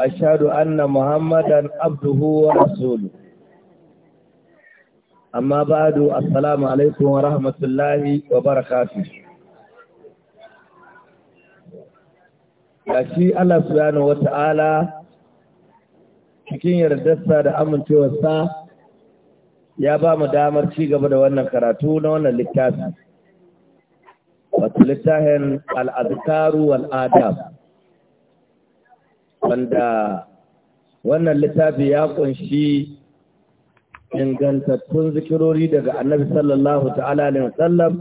abduhu wa rasulu amma ba du بعد wa عليكم ورحمة الله وبركاته Gashi Allah subhanahu wa ta'ala cikin yardarsa da amincewarsa ya ba mu damar ci gaba da wannan karatu na wannan littafi. Wato littafin al'adkaru wal'adab. wanda wannan littafi ya kunshi ingantattun zikirori daga annabi sallallahu ta'ala alaihi wasallam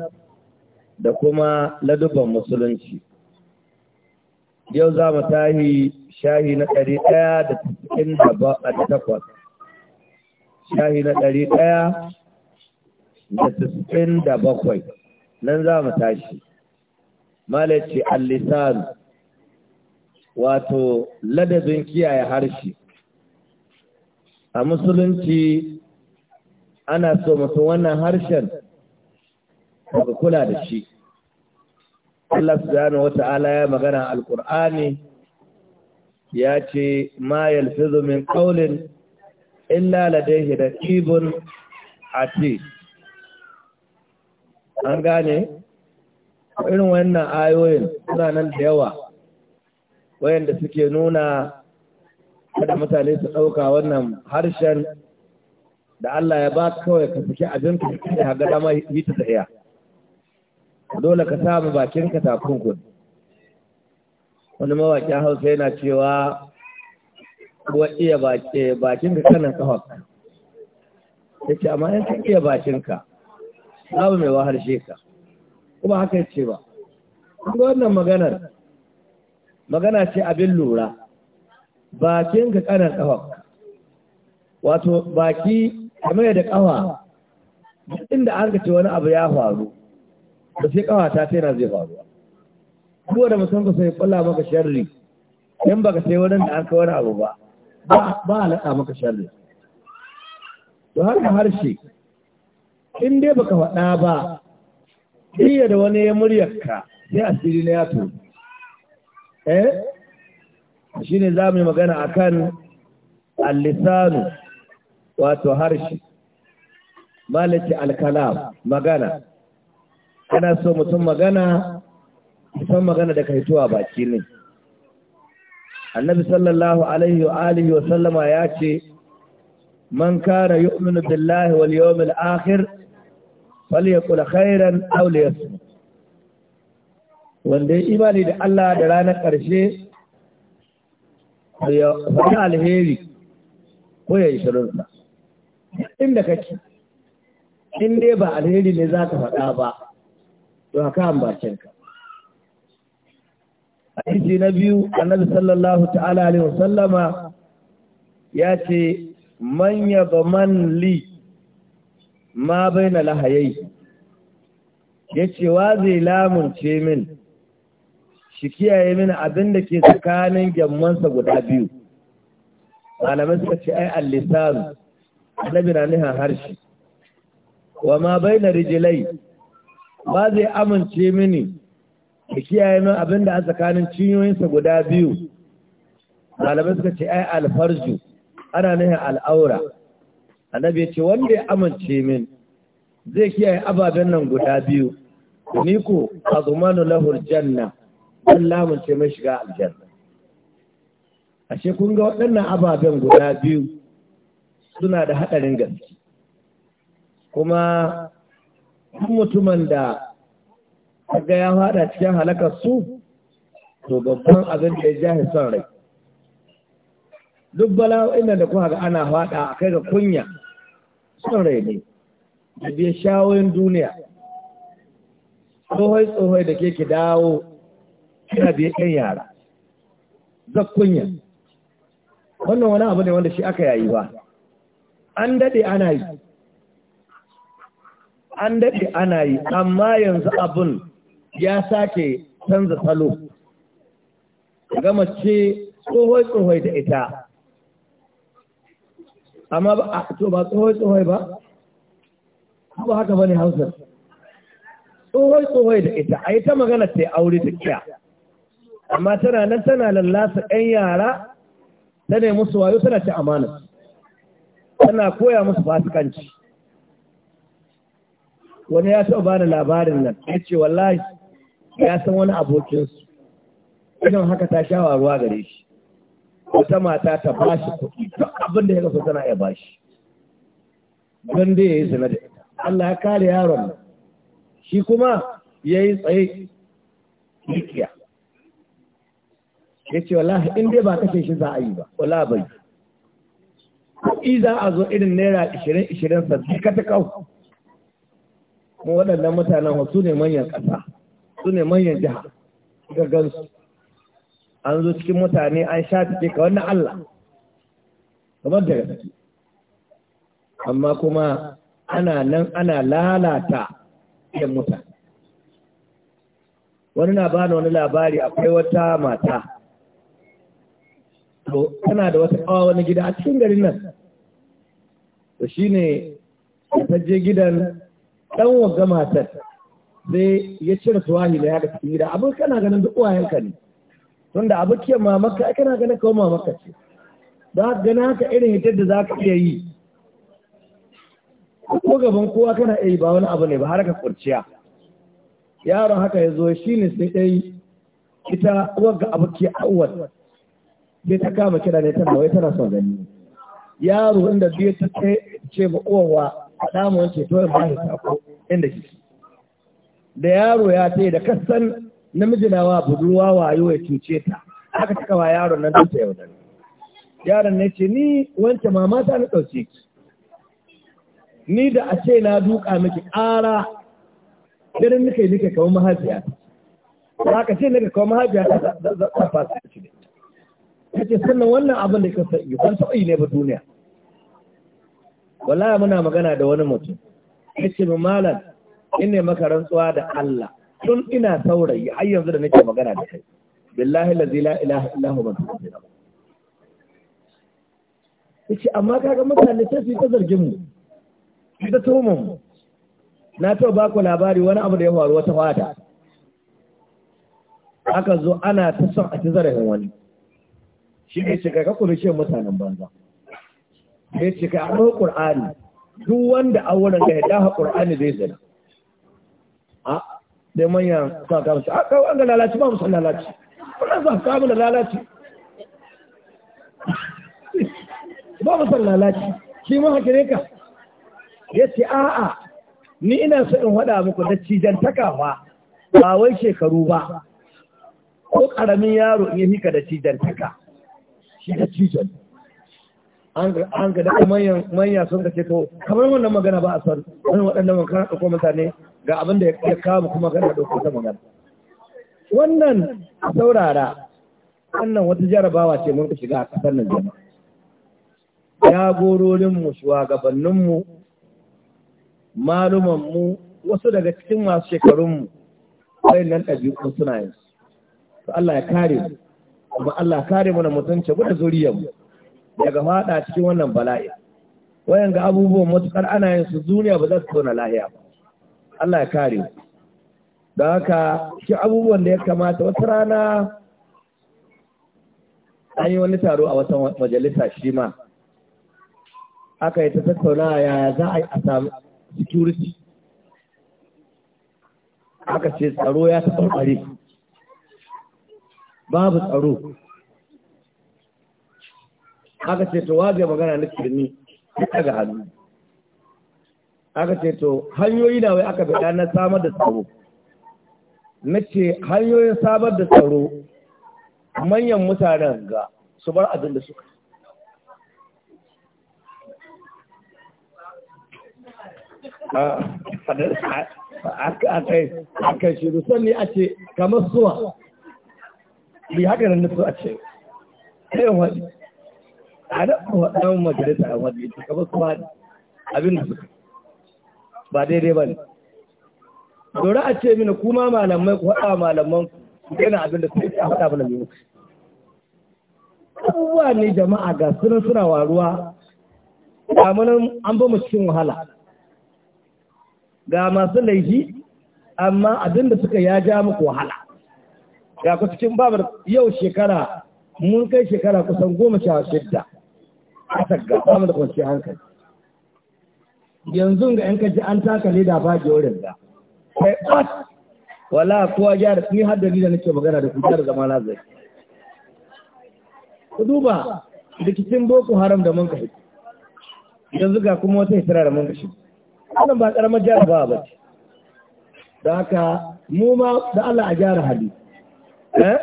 da kuma ladubban musulunci yau za mu tahi shahi na ɗari ɗaya da cikin da takwas shahi na ɗari ɗaya da cikin da bakwai nan za mu tashi malaci al-lisan wato ladabin kiyaye harshe a musulunci ana so mutum wannan harshen daga kula da shi Allah subhanahu wata'ala ya magana alkur'ani ya ce ma yalfizu min qawlin illa ladayhi raqibun atid an gane irin wannan ayoyin suna nan da yawa wayanda suke nuna kada mutane su ɗauka wannan harshen da Allah ya ba kawai ka saki abin ka da ga dama hita ta iya dole ka samu bakin ka takunkun wani mawaƙin hausa yana cewa kuwa iya bakin ka kanan kawaka ya ce amma yanka iya bakinka sabu mai wahar ka kuma haka ya ce ba kuma wannan maganar magana ce abin lura bakin ka kanan kafa wato baki kamar da ƙawa, inda an gace wani abu ya faru da sai ƙawa ta tana zai faru Kuma da mutum ka sai kula maka sharri ba baka sai wani da an kawar abu ba ba halaka maka sharri to har harshe in dai baka faɗa ba iya da wani ya muryarka sai asiri na ya tobi eh shi ne za mu magana a kan alisanu wato harshe malaki alkalam magana ana so mutum magana san magana da kaituwa baki ne annabi sallallahu alaihi wa alihi wa sallama ya ce man kana yu'minu billahi wal yawmil akhir falyaqul khairan aw liyasmut wanda ya imani da Allah da ranar ƙarshe da ya faɗi alheri ko ya yi shirinsa inda kake in dai ba alheri ne za ka faɗa ba to haka an bakinka hadisi na biyu annabi sallallahu ta'ala alaihi wasallama ya ce manya ba man li ma bai na lahayayi, ya ce wa zai lamunce min shi kiyaye mini abin da ke tsakanin gyammansa guda biyu malamai suka ce ai al annabi na nihan harshe wa ma na rijilai ba zai amince mini ki kiyaye min abin da a tsakanin cinyoyinsa guda biyu malamai suka ce ai alfarju ana nihin al'aura annabi ya ce wanda ya amince min zai kiyaye ababen nan guda biyu ni ko azumanu lahur janna an lamunce mai shiga aljanna ashe kun ga waɗannan ababen guda biyu suna da haɗarin gaske kuma duk mutumin da kaga ya faɗa cikin halakar su to babban abin da ya jahi son rai duk bala'o'in da kuka ga ana haɗa a kai ga kunya son rai ne da biya shawoyin duniya tsohon tsohoi da ke ki dawo yana da yan yara zakkunya wannan wani abu ne wanda shi aka yayi ba an dade ana yi an dade ana yi amma yanzu abun ya sake canza salo ga mace tsohoi-tsohoi da ita amma ba to ba tsohoi-tsohoi ba ba haka ba ne hausar tsohoi-tsohoi da ita a yi ta magana ta yi aure ta kya amma tana nan tana lallasa 'yan yara ta ne musu wayo tana ci amana tana koya musu fasikanci wani ya taɓa bani labarin nan ya ce wallahi ya san wani abokinsu idan haka ta sha waruwa gare shi wata mata ta ba shi kuɗi duk abin da ya kasu tana ya ba shi don da ya yi sanar Allah ya kare yaron shi kuma ya yi tsaye rikiya ya ce wallahi in dai ba kashe shi za a yi ba wala bai kuɗi za a zo irin naira ishirin ishirin sassi ka ta kau mu waɗannan mutanen su ne manyan ƙasa su ne manyan jiha ga gansu an zo cikin mutane an sha take ka wannan Allah kamar da gaske amma kuma ana nan ana lalata yan mutane wani na bani wani labari akwai wata mata to tana da wata kawa wani gida a cikin garin nan to shine ta je gidan ɗan wagga matar zai ya cire tuwahi da ya da cikin gida abin kana ganin duk wayanka ne tun da ke mamaka ai kana ganin kawo mamaka ce don haka gani haka irin hitar da za ka iya yi ko gaban kowa kana iya yi ba wani abu ne ba har ka kurciya yaron haka ya zo shi ne sai dai ita wagga abu ke awwal sai ta kama kira ne tana wai tana son gani yaro inda biyu ta ce ba kowa a damu wance to ba ta sako inda ke. da yaro ya ce da kasan namiji nawa budurwa wayo ya cuce ta aka taka wa yaron nan ta yau da yaron ne ce ni wance mama ta na dauke ki ni da a ce na duka miki ƙara irin nika yi nika kawo mahajiya ta ka ce nika kawo mahajiya ta za ta fasa ce sannan wannan abin da ka sai ban taɓa ne ba duniya wallahi muna magana da wani mutum ce mu malam ina maka rantsuwa da Allah tun ina saurayi a yanzu da nake magana da kai billahi la ilaha illa huwa ce amma kaga mutane sai su ta zargin mu su ta tuhumar mu na taɓa ba ku labari wani abu da ya faru wata fata aka zo ana ta son a ci zarafin wani shi ne shiga ka kuma ce mutanen banza ya ce ka amma ƙur'ani duk wanda a wurin da ya daha ƙur'ani zai zana. a da manyan sa ka musu a kawo an ga lalaci ba musu lalaci kuna za ka mu da lalaci ba musu lalaci shi ma haka ne ka ya ce a'a ni ina so in faɗa muku da cijan ba ba wai shekaru ba ko ƙaramin yaro in yi hika da takawa shi da cijon an ga da manya sun kace to kamar wannan magana ba a san wani waɗannan magana ɗauko mutane ga abin da ya kama kuma kana ɗauko ta magana wannan saurara wannan wata jarabawa ce mun shiga a ƙasar nan jama'a mu, maluman mu, wasu daga cikin masu shekarun shekarunmu wayannan ɗabi'u suna yin su Allah ya kare mu kuma Allah kare mu da mutunci guda da zuriyar mu daga fada cikin wannan bala'i wayan ga abubuwan mutukar ana yin su duniya ba za su tona lahiya ba Allah ya kare mu da haka shi abubuwan da ya kamata wata rana an yi wani taro a wata majalisa shi ma aka yi ta tattauna ya za a yi a samu security aka ce tsaro ya taɓarɓare babu tsaro aka ce to waje magana na kirni daga hannu aka ce to hanyoyi da wai aka fita na samar da tsaro na ce hanyoyin samar da tsaro manyan mutanen ga su bar abin da suka a kai shiru ne a ce kamar suwa bi haka nan so a ce sai yan a da wadannan majalisa a wadi ta kaba su abin da suka ba daidai ba ne dora a ce mini kuma malamai ku haɗa malaman ku yana abin da suka a haɗa mana biyu abubuwa ne jama'a ga sunan suna waruwa kamunan an ba mu cikin wahala ga masu laifi amma abin da suka ya ja muku wahala ya ku cikin babar yau shekara mun kai shekara kusan goma sha shidda a tagga samun da kwanciyar hankali yanzu ga yan kaji an taka leda ba ke wurin da kai ɓat wala kowa ya ni har da ni da nake magana da kujar da zama lazari ku duba rikicin boko haram da mun ka yanzu ga kuma wata hisira da mun kashe. wannan ba karamar jarabawa ba ce da haka mu ma da Allah a gyara hali eh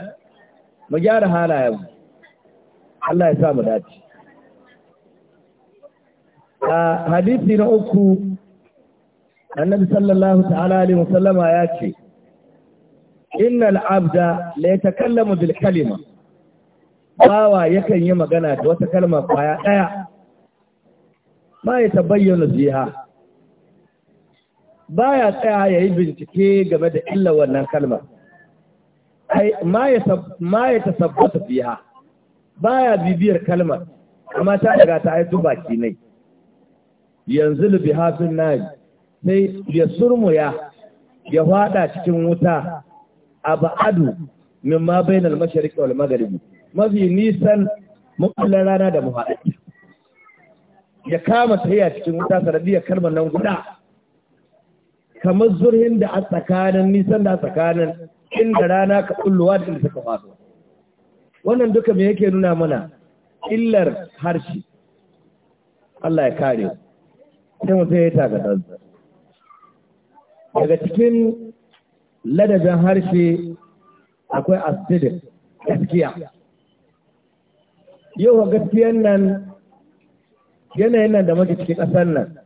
mu gyara halayen Allah ya sa mu dace a hadisi na uku annabi sallallahu ta'ala alaihi wasallama ya ce innal abda la yatakallamu bil kalima bawa yakan yi magana da wata kalmar kwaya daya ba ya tabayyana Ba ya tsaya ya yi bincike game da illa wannan kalmar ma ya tasabbata ba ya bibiyar kalmar amma ta daga ta haitu baki ne yanzu lubi hafin nari sai ya surmu ya Ya fada cikin wuta a ba'adu min ma bainal mashariki wal magharibi mafi nisan makullan rana da muhaɗaki ya kama tahiya cikin wuta sanadiyar kalmar nan guda kamar zurhin da a tsakanin nisan da a tsakanin inda rana ka kulluwa da inda suka faso. wannan duka me yake nuna mana illar harshe Allah ya kare sai mutum ya taga tsantsa daga cikin ladabin harshe akwai asidin gaskiya yau gaskiyan nan yanayin nan da muke cikin ƙasar nan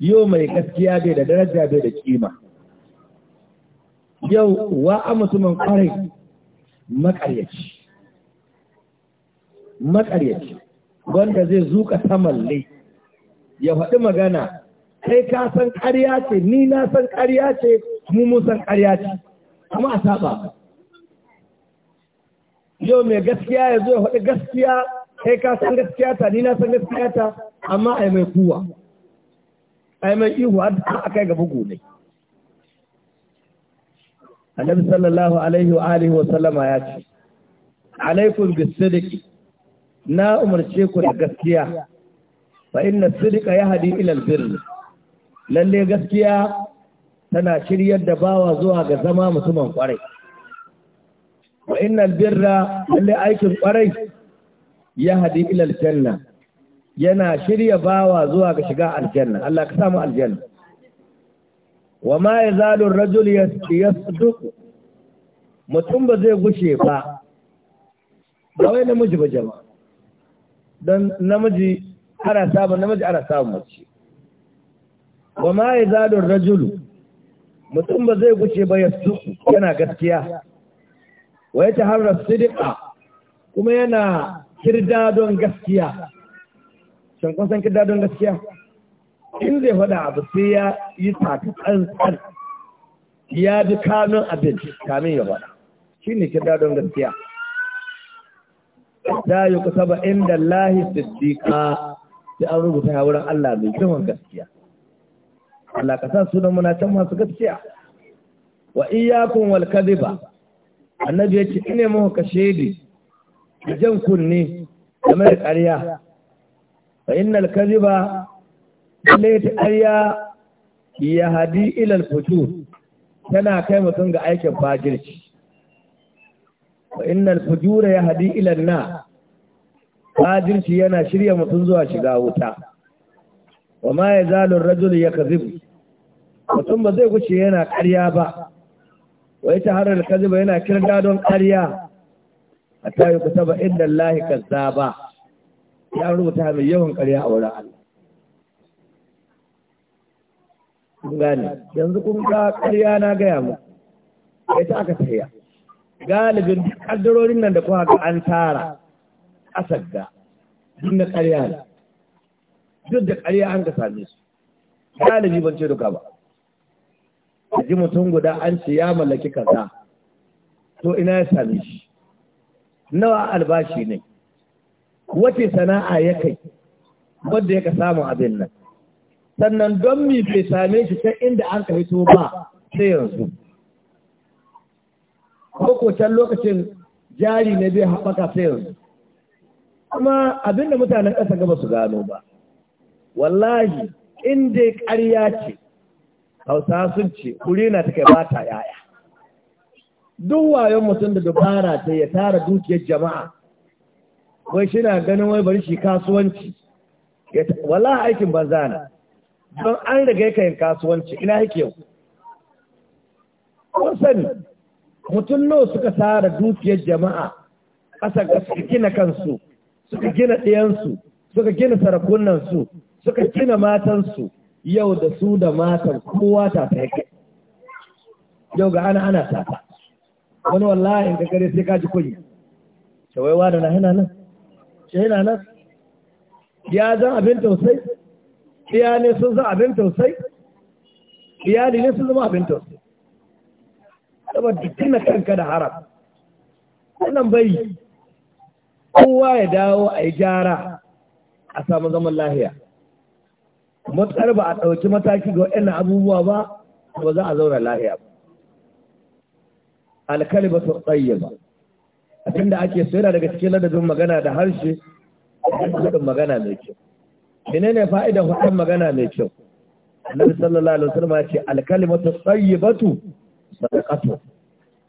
yau mai gaskiya bai da daraja bai da kima yau wa a mutumin kwarai makaryaci makaryaci wanda zai zuka tamalle ya faɗi magana kai ka san ƙarya ce ni na san ƙarya ce mu mun san ƙarya ce kuma a saba yau mai gaskiya ya zo ya faɗi gaskiya kai ka san gaskiya ta ni na san gaskiya ta amma yi mai kuwa a yi mai ihu a kai ga bugu ne annabi sallallahu alaihi wa alihi wa sallama ya ce alaikum bisidiq na umarce ku da gaskiya fa inna sidqa yahdi ila albirr lalle gaskiya tana shiryar da bawa zuwa ga zama mutumin kwarai wa inna albirra lalle aikin kwarai yahdi ila aljanna yana shirya bawa zuwa ga shiga aljanna Allah ka samu aljanna wa ma ya zalun rajul ya duk mutum ba zai gushe ba ba wai namiji ba jama don namiji ana samun namiji ana samun mace wa ma ya zalun rajul mutum ba zai gushe ba ya yana gaskiya wa ya taharra sidika kuma yana kirda don gaskiya shan kun san kirda don gaskiya in zai faɗa abu sai ya yi taka tsantsan ya ji kanun abin kamin ya faɗa shi ne kira don gaskiya da yi kusa ba inda lahi siddiƙa sai an rubuta ya wurin Allah mai kiman gaskiya Allah ka sa sunan muna can masu gaskiya wa iyakun wal kadhiba annabi yace ine muku kashedi jan kunne game da ƙarya fa innal kadhiba lalle ta ya hadi ilal fujur tana kai mutum ga aikin fajirci wa innal fujura ya hadi ilal na fajirci yana shirya mutum zuwa shiga wuta wa ma ya zalun rajul ya kazibu mutum ba zai wuce yana ƙarya ba wa ita harar kaziba yana kirga don karya, a ta yi kusa ba inda kazzaba ya rubuta mai yawan karya a wurin kun gane yanzu kun ga ƙarya na gaya mu ya ta aka tafiya galibin ƙaddarorin nan da kuma ga an tara ƙasar da duk na ƙarya ne duk da ƙarya an ka same su galibi ban ce duka ba a ji mutum guda an ce ya mallaki kaza to ina ya same shi nawa albashi ne wace sana'a ya kai wadda ya ka samu abin nan sannan don mi bai same shi ta inda an ka hito ba sai yanzu ko can lokacin jari na bai haɓaka sai yanzu kuma abinda mutanen ƙasa gaba su gano ba wallahi in dai ƙarya ce hausa sun ce kuri na take ba ta yaya duk wayon mutum da dubara ta ya tara dukiyar jama'a wai shi na ganin wai bari shi kasuwanci wala aikin banza na don an riga ka yin kasuwanci ina yake yau kun sani mutum nawa suka tsara dukiyar jama'a ƙasa ga suka gina kansu suka gina ɗiyansu suka gina sarakunansu suka gina matansu yau da su da matan kowa ta ta yake yau ga ana ana ta. wani wallahi in gare sai kaji ji kunya shawaiwa da na hina nan shi hina nan ya zan abin tausayi iyali sun zama abin tausayi iyali ne sun zama abin tausayi saboda tuna kanka da haram wannan bai kowa ya dawo a yi gyara a samu zaman lahiya matsar ba a ɗauki mataki ga waɗannan abubuwa ba ba za a zauna lahiya ba ba su tsaye ba abinda ake so yana daga cikin ladabin magana da harshe da magana mai kyau menene fa'idan faɗin magana mai kyau annabi sallallahu alaihi wasallam ya ce alkalimatu tayyibatu sadaqatu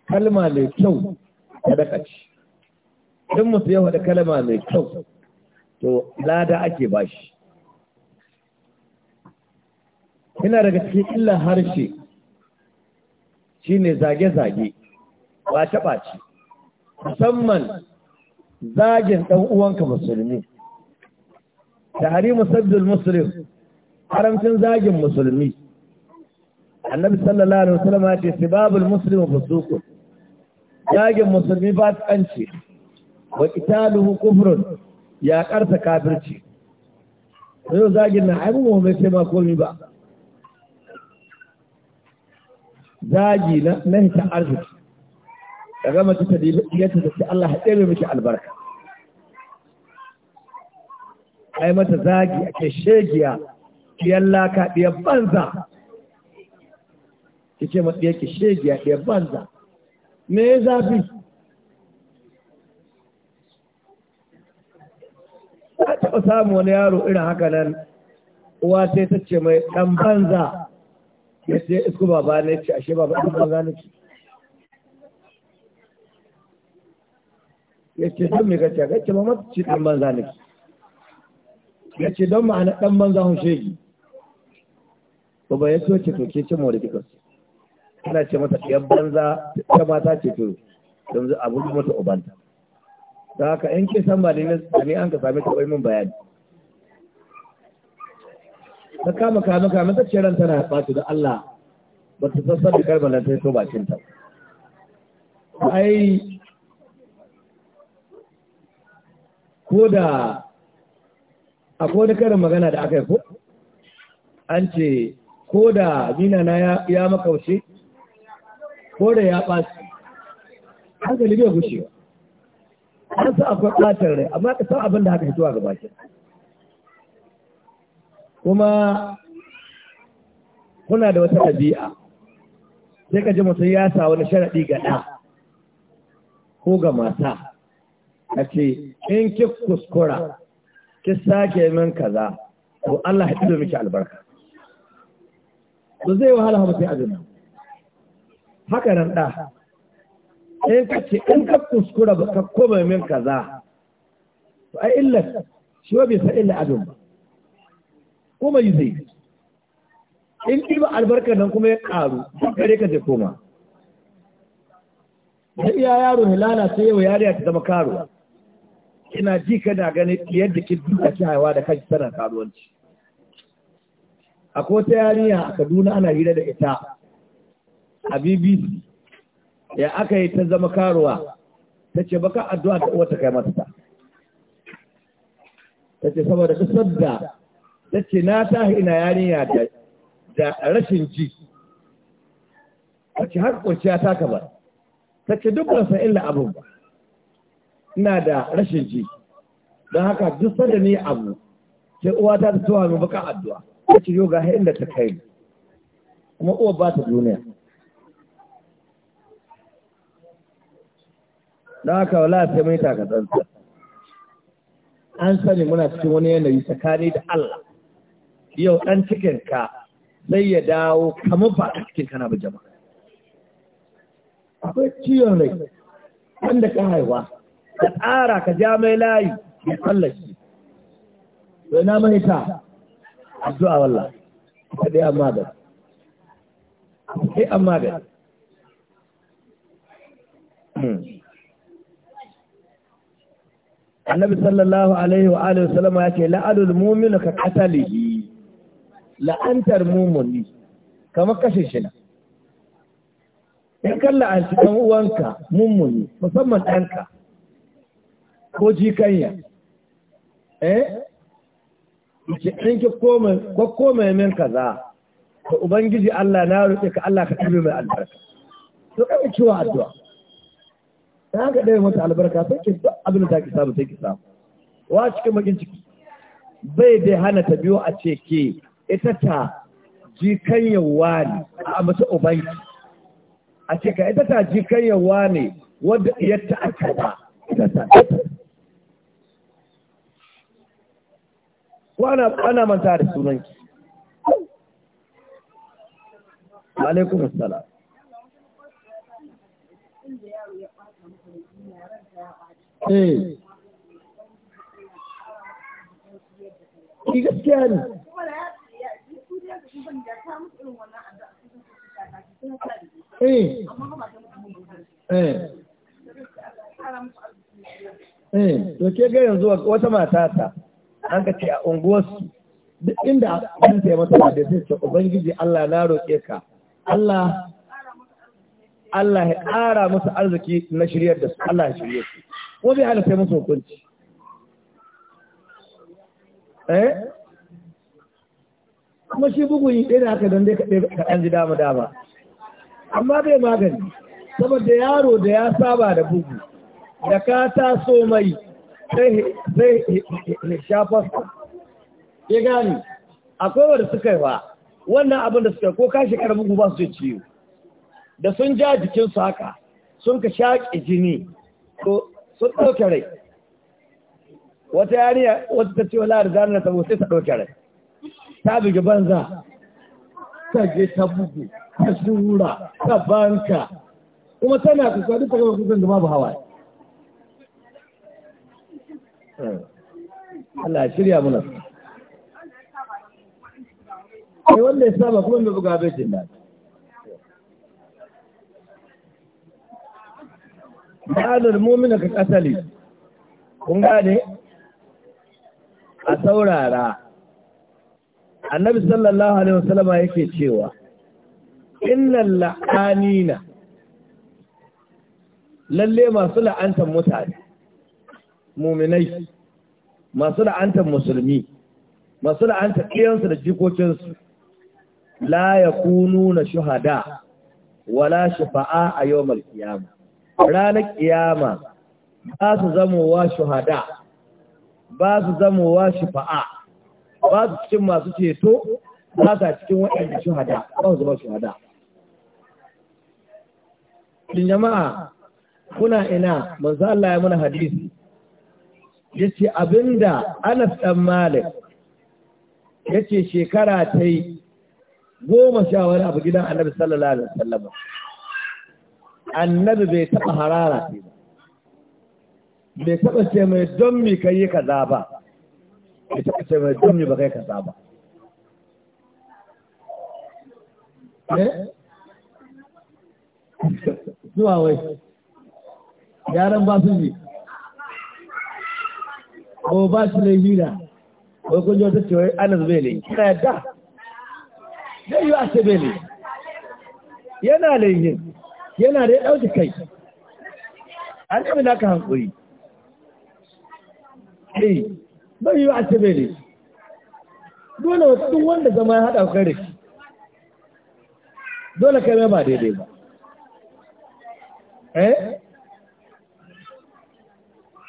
kalma mai kyau sadaka ce idan mutum ya faɗi kalma mai kyau to lada ake bashi ina daga cikin illar harshe shine zage-zage ba taɓa ce musamman zagin ɗan uwanka musulmi da harimu sabbin musulun haramcin zagin musulmi annabi sallallahu alaihi wasallam ya ce sibabul muslimu fusuku zagin musulmi ba tsanci wa qitaluhu kufrun ya karsa kafirci yau zagin na ai mu mai ce ba zagi na na hita arziki daga mace ta diyata ta ce Allah ya albarka ai mata zagi ake shegiya ɗiyar laka ɗiyar banza ki ce masu ɗiyar ki shegiya ɗiyar banza me ya zafi ta taɓa samu wani yaro irin haka nan uwa sai ta ce mai ɗan banza ya ce isku baba ne ce ashe baba ɗan banza ne ce ya ce sun mai ka ce ba mata ce ɗan banza ne ce ya ce don ma'ana ɗan banza hun shegi ba ya so ce to ke da kika tana ce mata ɗiyar banza ta mata ce to yanzu abu da mata ubanta ta haka yan ke san ba da ne an ka sami taɓa min bayani ta kama kama kama ta ce ran tana ɓaci da Allah ba ta sassan da karmar ta yi so ba ta ko da akwai wani karin magana da aka yi ko an ce ko da mina na ya makaushe ko da ya har da bai gushewa an sa akwai ɓatar rai amma ka san abin da haka hituwa ga bakin kuma kuna da wata ɗabi'a sai ka ji mutum ya sa wani sharaɗi ga ɗa ko ga mata a ce in ki kuskura ki sake min kaza to Allah ya ɗido miki albarka to zai wahala mu sai azumi haka nan da in ka ce in ka kuskura ba ka koma min kaza to ai illa shi wa bai sa illa adum ba kuma yi zai in ba albarka nan kuma ya ƙaru kare ka je koma da iya yaro hilala sai yau yare ta zama karuwa kina ji kana gani yadda ki duka ki haiwa da kai tana karuwanci akwai wata yarinya a Kaduna ana hira da ita a BBC ya aka yi ta zama karuwa ta ce baka addu'a ta ta kai mata ta ce saboda kasar da ta ce na tahi ina yarinya da rashin ji ta ce har kwanciya ta kamar, ta ce duk ban ina da rashin ji don haka duk sanda ni abu sai uwa ta ta tuwa min baka addu'a ta ce yoga har inda ta kai ni kuma uwa ba ta duniya don haka wala sai mai takatsantsa an sani muna cikin wani yanayi tsakani da Allah yau ɗan ka zai ya dawo kamar ba a cikinka na ba jama'a akwai ciwon rai wanda ka haihuwa ka tsara ka ja mai layi ya tsallaki na mai mahita abdu'a wallah ka dai amma da sai amma da hmm. annabi sallallahu alaihi wa alihi wasallama ce la'alul mu'minu ka qatalihi la'antar mu'mini kamar kashe shi na in kalla a cikin uwanka mummuni musamman ɗanka ko ji jikanya eh ce in ki koma ko koma min kaza ko ubangiji Allah na roƙe ka Allah ka ɗaure mai albarka to kai ciwa addu'a ta haka ɗaya mata albarka sai ki duk abin da ki samu sai ki samu wa cikin bakin ciki bai dai hana ta biyo a ce ke ita ta jikan yawa wani a mace ubangi a ce ka ita ta jikan yawa wani wadda iyarta aka ba ita ta ko ana manta da sunanki alaikum assalam ki eh. gaskiya ne eh eh eh to ke ga yanzu wata mata ta an ka ce a unguwarsu duk inda an ta yi mata da sai ce ubangiji Allah na roƙe ka Allah Allah ya ƙara musu arziki na shiryar da su Allah ya shirye su ko bai halatta musu hukunci eh kuma shi bugun yi ɗaya da haka don dai ɗan ji dama dama amma bai magani saboda yaro da ya saba da bugu da ka taso mai sai su ya gani akwai wadda suka yi ba wannan abin da suka ko kashi karamin guba su ciwo da sun ja jikinsu haka sun ka shaƙi jini ko sun ɗauke rai wata yariya wata ta ce wala da zanen ta sai ta ɗauke rai ta bugi banza ta je ta bugu ta shura ta banka kuma tana kusa duk da gaba kusan ba hawaye Eh. Allah shirya muna sai wanda ya saba kuma mai buga baitin da ma'adar mumina ka kasali kun gane a saurara annabi sallallahu alaihi wasallama yake cewa Inna la'anina lalle masu la'antar mutane muminai masu la'antar musulmi masu la'antar ɗiyansu da jikokinsu la ya kunu na shuhada wala shafa'a a yau malkiyama ranar kiyama ba su zamowa shuhada ba su zamowa shafa'a ba su cikin masu ceto ba su cikin waɗanda shuhada ba su zama shuhada jama'a kuna ina manzo Allah ya muna hadisi yace abinda Anas dan Malik yace shekara ta yi goma sha wani abu gidan Annabi sallallahu alaihi wasallam Annabi bai taba harara ce ba bai taba ce mai don mi kai kaza ba bai taba ce mai don mi ba kai kaza ba eh zuwa wai yaran ba su ji ko ba su laifi na wai kun ji wata anas bai laifi kina yadda zai yi a ce bai laifi yana laifi yana da ya ɗauki kai an ɗabi na ka hankuri eh bai yi a ce bai laifi dole wasu wanda zama ya haɗa kai da shi dole kai mai ba daidai ba eh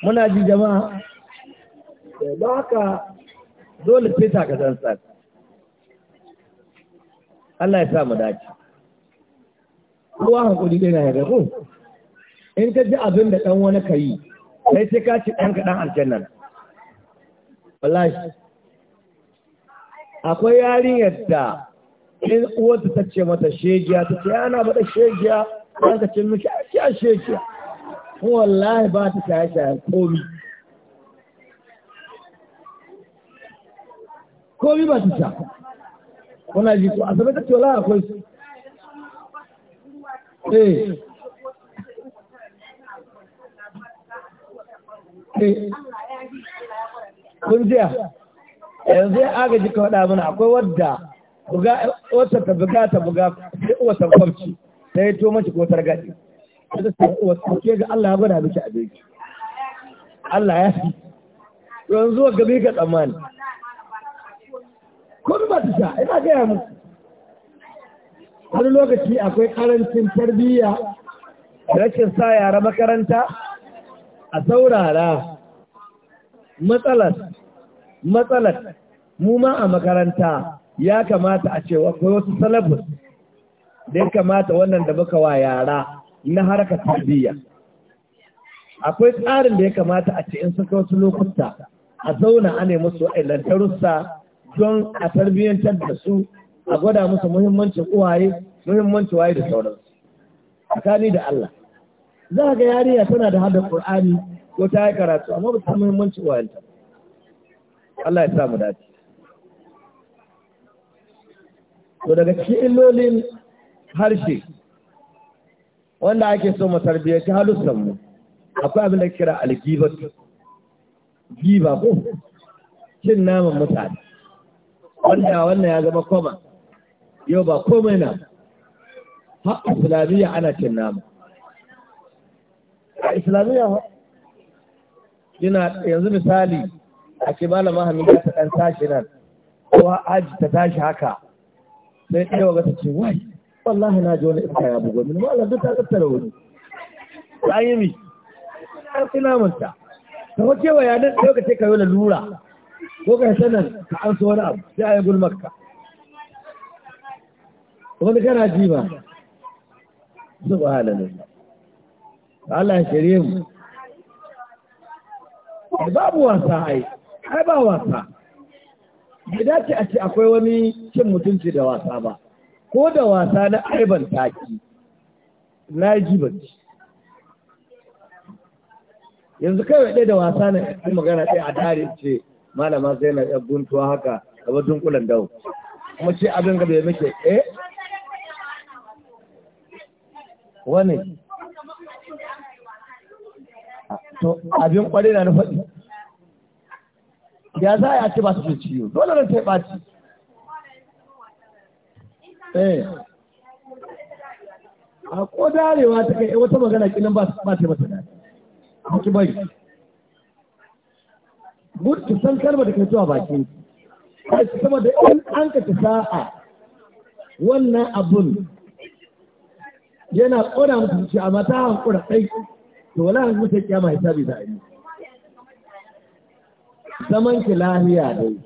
muna ji jama'a ɗaya don haka dole sai ka san Allah ya sa mu dace kowa hankuli dai na yaga ko in ka ji abin da ɗan wani ka yi sai sai ka ci ɗan kaɗan aljannan wallahi akwai yarin da in uwarta ta ce mata shegiya ta ce ana bada shegiya ɗan ka ce miki a shegiya wallahi ba ta shaye-shayen komi bi ba ta sha kuna ji ko asabe ta tola akwai su eh eh kun jiya yanzu ya agaji ka faɗa mana akwai wadda buga wata ta buga ta buga sai uwa ta kwabci ta yi to mace ko targaɗi ta ta sai uwa ta ke ga Allah ya gwada miki abinci Allah ya fi yanzu wa gabi ka tsammani ko ba ta sha ina gaya musu wani lokaci akwai karancin tarbiyya rashin sa yara makaranta a saurara matsalar matsalar mu ma a makaranta ya kamata a cewa ko wasu salabus da ya kamata wannan da muka wa yara na harkar tarbiyya akwai tsarin da ya kamata a ce in suka wasu lokuta a zauna a nemi su a lantarussa don a tarbiyyantar da su a gwada musu muhimmancin uwaye muhimmanci waye da sauransu tsakani da Allah za ga yariya tana da hada Qur'ani ko ta yi karatu amma ba ta muhimmancin uwayenta Allah ya sa mu dace to daga cikin illolin harshe wanda ake so mu tarbiyyanci halussan mu akwai abin da kira algibat giba ko cin naman mutane wanda wannan ya zama koma yau ba komai na ha islamiyya ana cin nama a islamiyya yana yanzu misali a ce malama hamida ta ɗan tashi nan ko aji ta tashi haka sai ɗaya wa ta ce wai wallahi na ji wani iska ya bugo min malam duk ta tattara wani ta yi mi ƙarfi namunta ta wace wa yanar ɗaya ka ce ka yi lura ko kai sanan ka an so wani abu sai a yi gulmarka wani kana ji ba subhanallah Allah ya shirye mu babu wasa ai ai ba wasa bai dace a ce akwai wani cin mutunci da wasa ba ko da wasa na aiban taki na jibanci yanzu kawai ɗaya da wasa na ɗaya magana ɗaya a dare ce malama na yar guntuwa haka wajen kulan dawo kuma ce abin ga bai muke eh wani to abin kwarai na nufaɗi ya za a yi ake ba su ciwo dole na ta ɓaci eh a ko darewa ta kai wata magana kinan ba ta ɓace mata da ki bari Mutu san karba da kai zuwa bakin saboda in an ka ta sa'a wannan abun yana ƙona mutu zuciya amma ta hankura ɗai to wala hankali sai kyama hisabi da ainihi zaman ki lahiya dai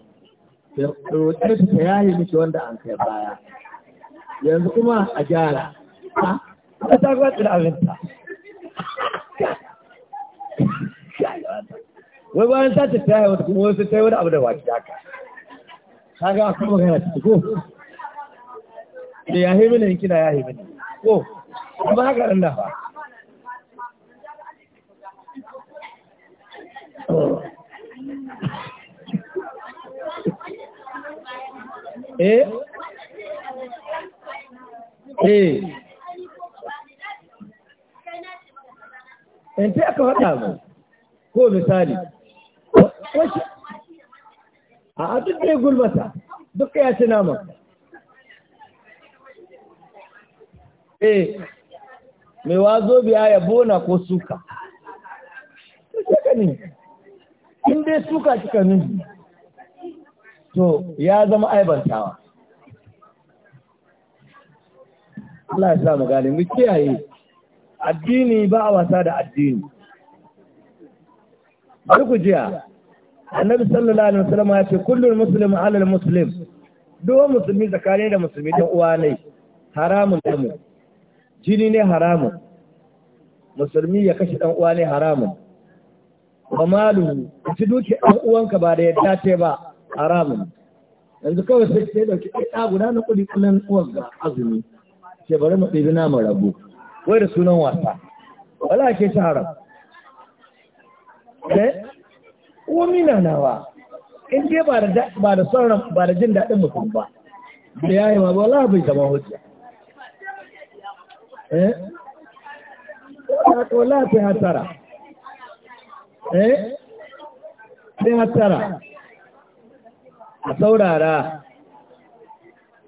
ta ta yayi miki wanda an kai baya yanzu kuma a gyara a ta gwatsi da abinta wai bayan ta ta taya wata kuma wasu ta yi wani abu da baki da ta ga akwai magana ta ko da ya haifi ne kina ya haifi ne ko ba haka nan da ba eh eh, eh in ta aka faɗa mu ko misali A'a a duk da ya gulmata duk ya ci nama eh mai wazo biya ya bona ko suka ne in dai suka kika nuni to ya zama aibantawa Allah ya sa mu gane mu kiyaye addini ba a wasa da addini bari jiya annabi sallallahu alaihi wasallam ya ce kullum muslimin ala muslim duk musulmi tsakanin da musulmi dan uwa ne haramun mu. jini ne haramun musulmi ya kashe dan uwa ne haramun wa malu ci duke dan uwanka ba da yadda ta ba haramun yanzu kawai sai sai dauki ɗaya guda na kudi kullun uwan ga azumi ce bari mu ɗibi namu rabu wai da sunan wasa wala ke shi haram eh? komi na nawa in dai ba da sauran ba da jin daɗin mutum ba da yayi ma ba Allah bai zama hujja eh to la ta hatara eh sai hatara a saurara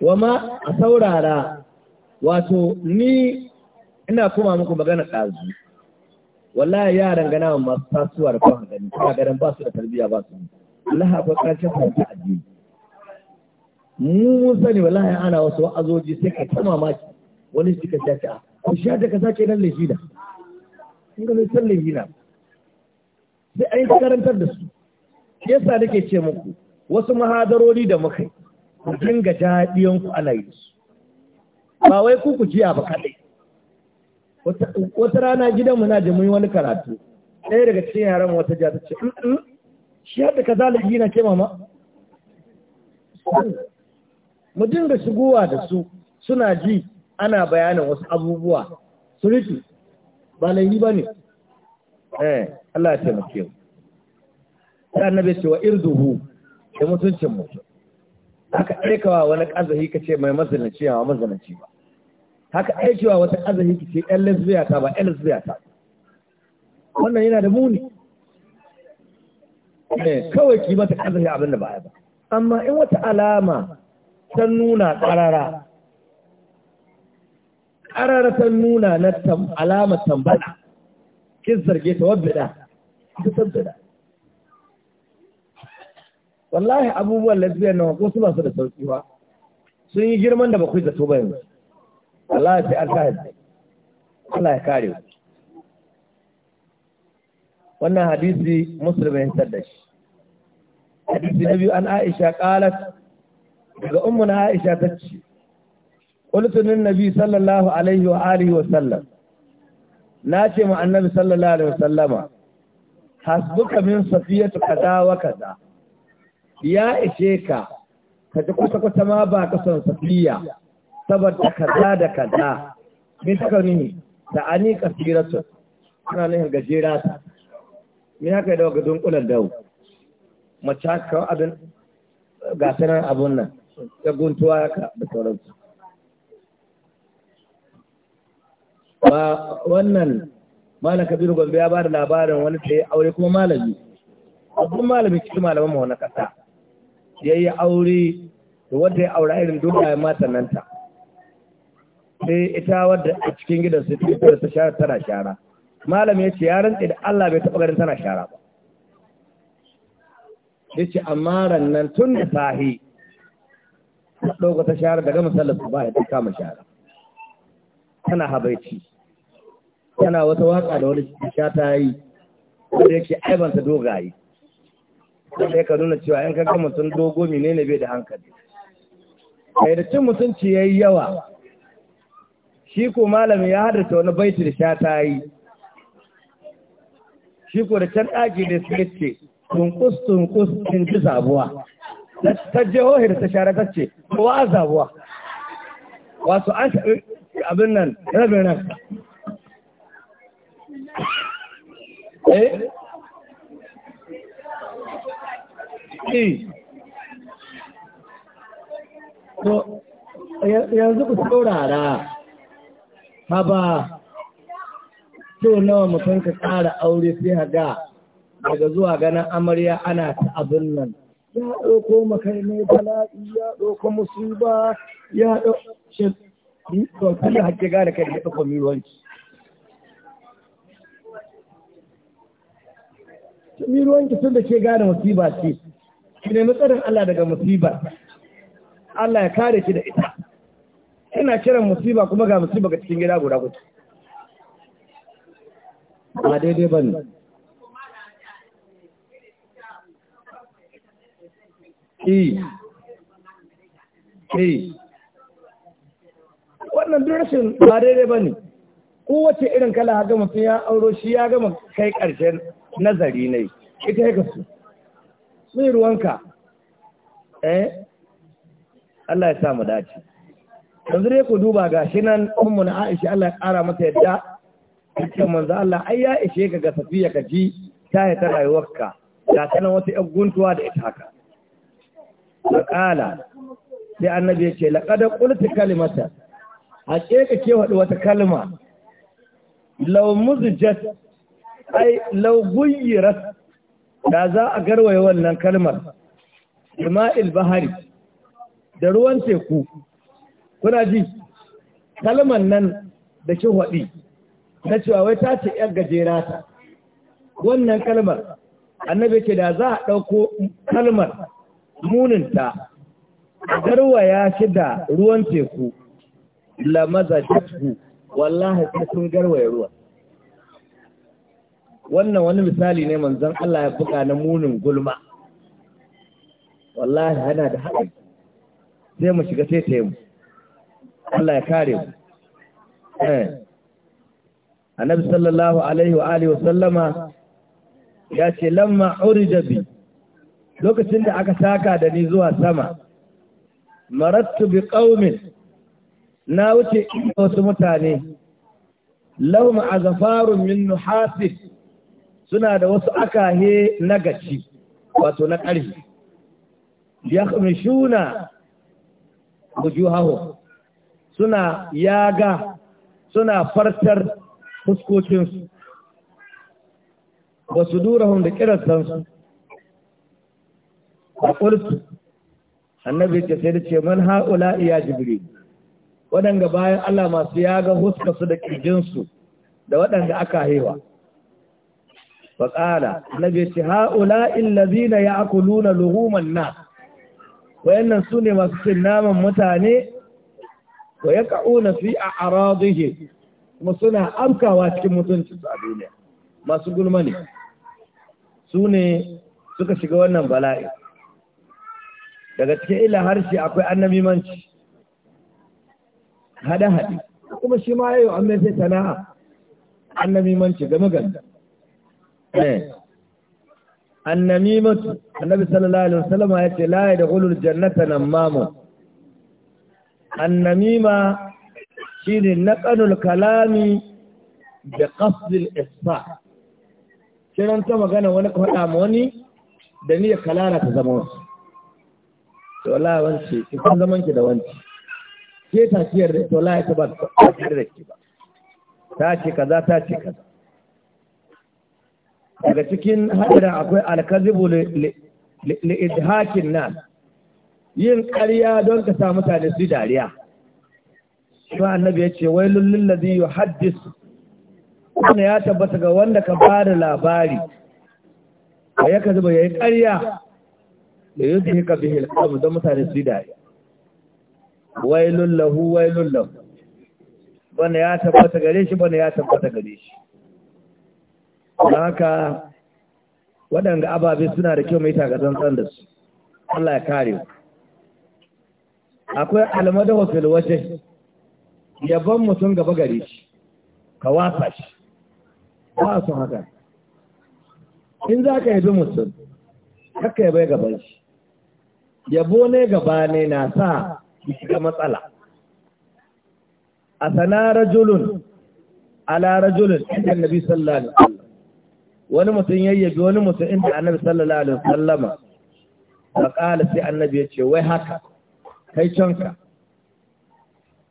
wama a saurara wato ni ina kuma muku magana ɗazu wallahi yaran gana masu tasowa da kwan gani kuma ganin ba su da tarbiyya ba su Allah akwai karshen fahimta addini mu mun sani wallahi ana wasu wa'azoji sai ka ta mamaki wani shi ka sha a ah, ku sha ta ka sace nan lahi sun kun ga san lahi sai an karantar da su yasa nake ce muku wasu mahadarori da muka yi ku dinga jaɗiyanku ku ana yi su ba wai ku ku jiya ba kaɗai wata rana gidan mu na je mun wani karatu ɗaya daga cikin yaran wata ja ta ce shi hada ka da na ke mama mu dinga shigowa da su suna ji ana bayanin wasu abubuwa su riki ba laifi ba ne eh Allah ya taimake mu sai annabi ce wa irduhu da mutuncin mutum aka aikawa wani kazahi kace mai mazalanciya wa mazalanci ba haka aikewa wata azumi ki ce yan lesbiya ta ba yan lesbiya ta wannan yana da muni eh, kawai ki mata azumi abin da ba ba amma in wata alama ta nuna karara karara ta nuna na alama tambaya, kin zarge ta wabbida ta tabbada wallahi abubuwan lesbiyan nan wasu ba su da sauki ba sun yi girman da bakwai zato ba yanzu Allah sai an tashi Allah ya kare ku wannan hadisi muslim ya hitar da shi hadisi na biyu an Aisha qalat daga ummu na Aisha ta ce qultu lin nabi sallallahu alaihi wa alihi wa sallam na ce ma annabi sallallahu alaihi wa sallama hasbuka min safiyatu kaza wa kaza ya ishe ka ka ji kusa kusa ma ba ka son safiya saboda kaza da kaza min suka kauni da ani kasiratu ana nan gajera ta min haka da ga dunkulan dawo mace haka abin ga sanar abun nan ya guntuwa haka da sauransu ba wannan malam kabiru gombe ya bada labarin wani ta yi aure kuma malami abun malami cikin malaman mu wani kasa ya yi aure da wanda ya aura irin dogayen matan nan ta sai ita wadda a cikin gidan su ta da ta shara tana shara malam ya ce yaran da Allah bai taɓa ganin tana shara ba ya ce amma rannan tun da sahi ta ɗauka ta shara daga musallar su ba ya ta kama shara tana habaici tana wata waka da wani sha ta yi da yake aibanta dogaye wanda ya ka nuna cewa yan kankan mutum dogo menene bai da hankali kai da cin mutunci ya yi yawa shi ko malami ya ta wani baiti da sha ta yi shi ko da can ɗaki da suke ce tunkus tunkus in ji sabuwa ta jihohi da ta share ta ce kowa a zabuwa wasu an abin nan rabin nan eh e. yanzu ku saurara haba so nawa mutum ka tsara aure sai ga daga zuwa ganin amarya ana ta abin nan ya ɗauko makarnai bala'i ya ɗauko musulba ya ɗauko shi to kada hakki gane kai da ɗauko miruwanci miruwanki tun da ke gane musiba ce ki nemi tsarin Allah daga masibar, Allah ya kare ki da ita ina kiran musiba kuma ga musiba ga cikin gida guda guda ba daidai ba ne wannan birnin ba daidai ba ne kowace irin kala ha gama sun ya auro shi ya gama kai ƙarshen nazari ne ita ya su mai ruwanka eh Allah ya samu dace yanzu dai ku duba ga shi nan ummu na Aisha Allah ya kara mata yadda cikin manzo Allah ai ya ishe ka ga safiya ka ji ta yi ta rayuwarka ga ta nan wata yan guntuwa da ita haka kala sai annabi ya ce laqad qultu kalimata haƙiƙa ke wadi wata kalma law muzjat ai law guyirat da za a garwaye wannan kalmar ima'il bahari da ruwan teku kuna ji kalmar nan da ke waɗi na cewa wai ta ce ‘yar gajera ta wannan kalmar annabi ce da za a ɗauko kalmar muninta ya shi da ruwan teku lamaza jasku wallahi sai sun ya ruwan wannan wani misali ne manzan Allah ya buga na munin gulma wallahi hana da haɗari sai mu shiga sai ta yi mu Allah ya kare mu eh. annabi sallallahu alaihi wa alihi wa sallama ya ce lamma urija bi lokacin da aka saka da ni zuwa sama marattu bi qaumin na wuce wasu mutane lahum azfarun min suna da wasu akahe na gaci wato na ƙarfi yakhmishuna wujuhahum suna yaga suna fartar fuskokinsu ba su hun da kirasansu a ƙursu annabi sai da ce man ha'ula iya jibiri, waɗanda bayan Allah masu yaga huskarsu da ƙirjinsu da waɗanda aka haiwa ba ƙala annabi ce ha'ula illazina ya akuluna luhuman na wayannan su ne masu cin naman mutane wa ya ƙa'una fi a arazihi kuma suna amkawa cikin mutuncin su a duniya masu gulma ne su ne suka shiga wannan bala'i daga cikin ila harshe akwai annabi manci hada-hadi kuma shi ma yayo an mai sana'a annabi manci game ganda eh. annami mutu annabi sallallahu alaihi wasallam ya ce la ya da hulul jannata nan mamu annamima shine naqalul kalami da qasdil isfa kiran ta magana wani ka faɗa ma wani da niyyar kalala ta zama wasu to wallahi wance ki kun zaman ki da wance ke ta ciyar da to ya ta ba ta ciyar da ki ba ta ce kaza ta ce kaza daga cikin haɗarin akwai alkazibu li idhakin nas yin ƙarya don ka sa mutane su dariya shi annabi ya ce wai lullun lazi yi haddis wani ya tabbata ga wanda ka ba da labari a yaka zuba ya yi ƙarya da yi zuhi ka bihil abu don mutane su dariya wai lullahu wai lullahu wani ya tabbata gare shi wani ya tabbata gare shi da haka waɗanda ababe suna da kyau mai takazan da su Allah ya kare ku akwai almada wasu waje yabon mutum gaba gare shi ka wasa shi ba su haka in za ka yabi mutum haka yabai gaban shi yabo ne gaba ne na sa shiga matsala a sana rajulun ala rajulun inda annabi sallallahu alaihi wasallam wani mutum yayyabi wani mutum inda annabi sallallahu alaihi wasallama fa sai annabi ya ce wai haka kai canka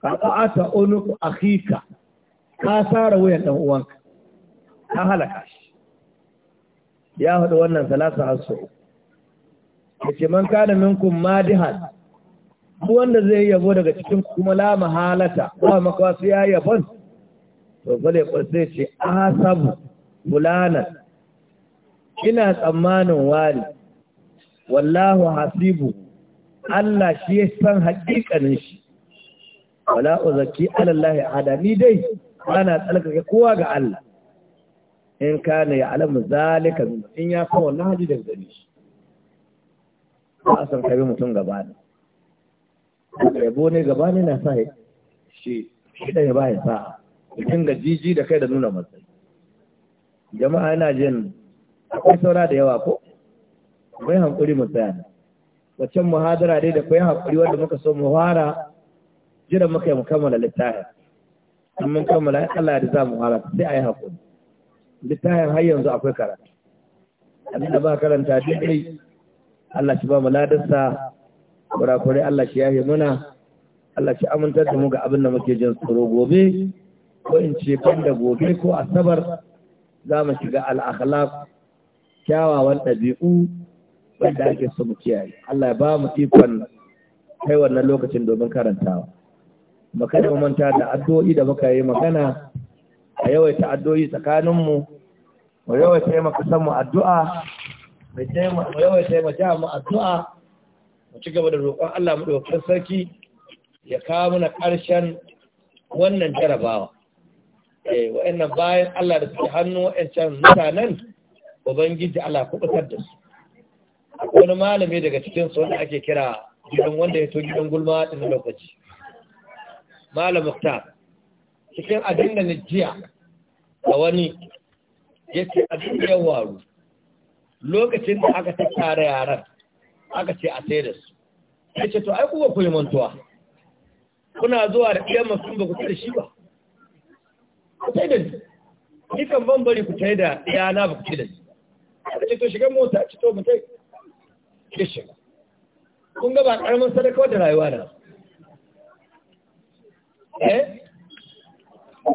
ka ƙa'ata unuku akhika ka sara wuyan ɗan uwanka ka halaka shi ya haɗu wannan salasa hasso yace man kana kun madihan ku wanda zai yabo daga cikin kuma la mahalata ba makawa su ya yabon to bale kwatsai ce asabu fulana ina tsammanin wani wallahu hasibu Allah shi ya san haƙiƙanin shi wala uzaki alallahi ada ni dai ana tsalkake kowa ga Allah in na ya alamu zalika min in ya kawo na haji da zane shi ba a san kabe mutum gaba ne yabo ne gaba ne na sa shi shi da ya baya sa mutum ga jiji da kai da nuna matsayi jama'a yana jin akwai saura da yawa ko bai hankuri mu tsaya wacan muhadara dai da koyan haƙuri wanda muka so mu fara jiran muka yi mu kammala littafin in mun kammala Allah da za mu fara sai a yi haƙuri littafin har yanzu akwai karatu abinda ba karanta daidai Allah shi ba mu ladarsa kurakure Allah shi yahe muna Allah shi amintar da mu ga abin da muke jin tsoro gobe ko in ce banda gobe ko asabar za mu shiga al-akhlaq kyawawan ɗabi'u wanda ake so mu kiyaye Allah ya ba mu ikon kai wannan lokacin domin karantawa mu kada mu manta da addu'o'i da muka yi magana a yawaita addu'o'i tsakanin mu mu yawaita yi maka san mu addu'a mu yawaita yi mu ja mu addu'a mu ci gaba da roƙon Allah mu ɗaukar sarki ya kawo mana ƙarshen wannan jarabawa eh wa'annan bayan Allah da suke hannu wa'ancan mutanen ubangiji Allah kubutar da su wani malami daga cikin su wanda ake kira gidan wanda ya to gidan gulma na lokaci malam muktar cikin abin da jiya a wani ce abin da yawaru. waru lokacin da aka tare yaran aka ce a sai da su Ya ce to ai kuwa ku yi mantuwa kuna zuwa da iya masu ba ku da shi ba ku tare da ni kan ban bari ku tare da iyana ba ku tare da ni aka ce to shiga mota ci to mutai ya shiga kun ga ba karamin sadaka da rayuwa na eh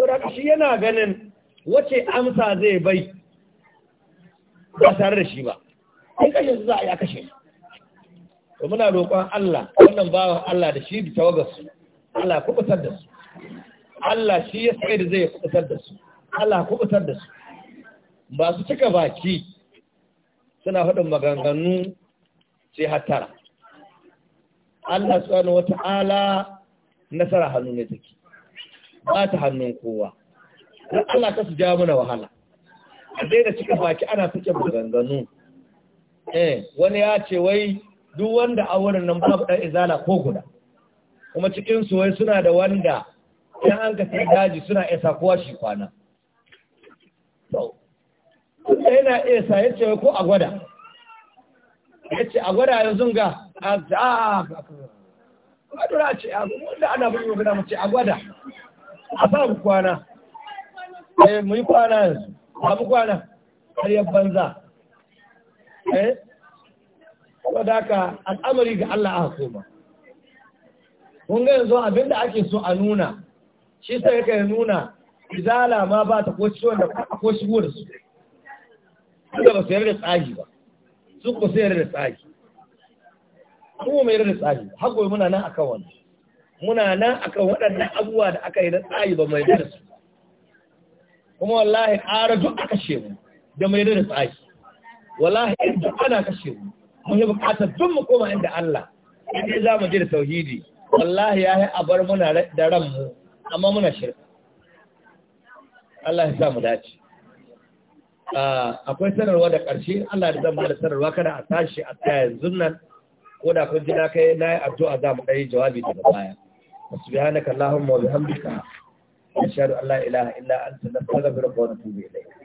da shi yana ganin wace amsa zai bai ba tare da shi ba in kashe su za a yi a kashe to muna roƙon Allah wannan bawan Allah da shi da tawagarsu Allah kubutar da su Allah shi ya sai da zai kubutar da su Allah kubutar da su ba su cika baki suna faɗin maganganu sai hatara Allah subhanahu wata'ala nasara hannu ne take ba ta hannun kowa dan Allah ka su ja mana wahala a daina cika baki ana fice maganganu eh wani ya ce wai duk wanda a wurin nan babu ɗan izala ko guda kuma cikinsu wai suna da wanda ya an ka sai daji suna isa kowa shi kwana to yana isa wai ko a gwada ya ce a gwada yanzu ga a a ce a wanda ana bin magana mace a gwada a ba mu kwana eh mu yi kwana yanzu a mu kwana har yi banza eh saboda ka al'amari ga Allah a koma Mun ga yanzu abinda ake so a nuna shi sai kai nuna izala ma ba ta ko ciwon da ko shigo da su ba su yarda tsagi ba su ko sai da tsari kuma mai da tsari hako muna nan akan wannan muna nan akan waɗannan abubuwa da aka yi da tsari ba mai da su kuma wallahi ƙara duk aka ce mu da mai da tsari wallahi duk ana kashe mu mun yi buƙatar duk mu koma inda Allah in za mu je da tauhidi wallahi ya yi abar muna da ranmu amma muna shirka Allah ya sa mu dace Ah, akwai sanarwa da ƙarshe Allah da zan ba da sanarwa kada a tashi a tsaya yanzu nan ko da kun ji na kai na yi addu'a za mu ɗaya jawabi daga baya subhanaka allahumma wa bihamdika ashhadu an la ilaha illa anta nastaghfiruka wa natubu ilayk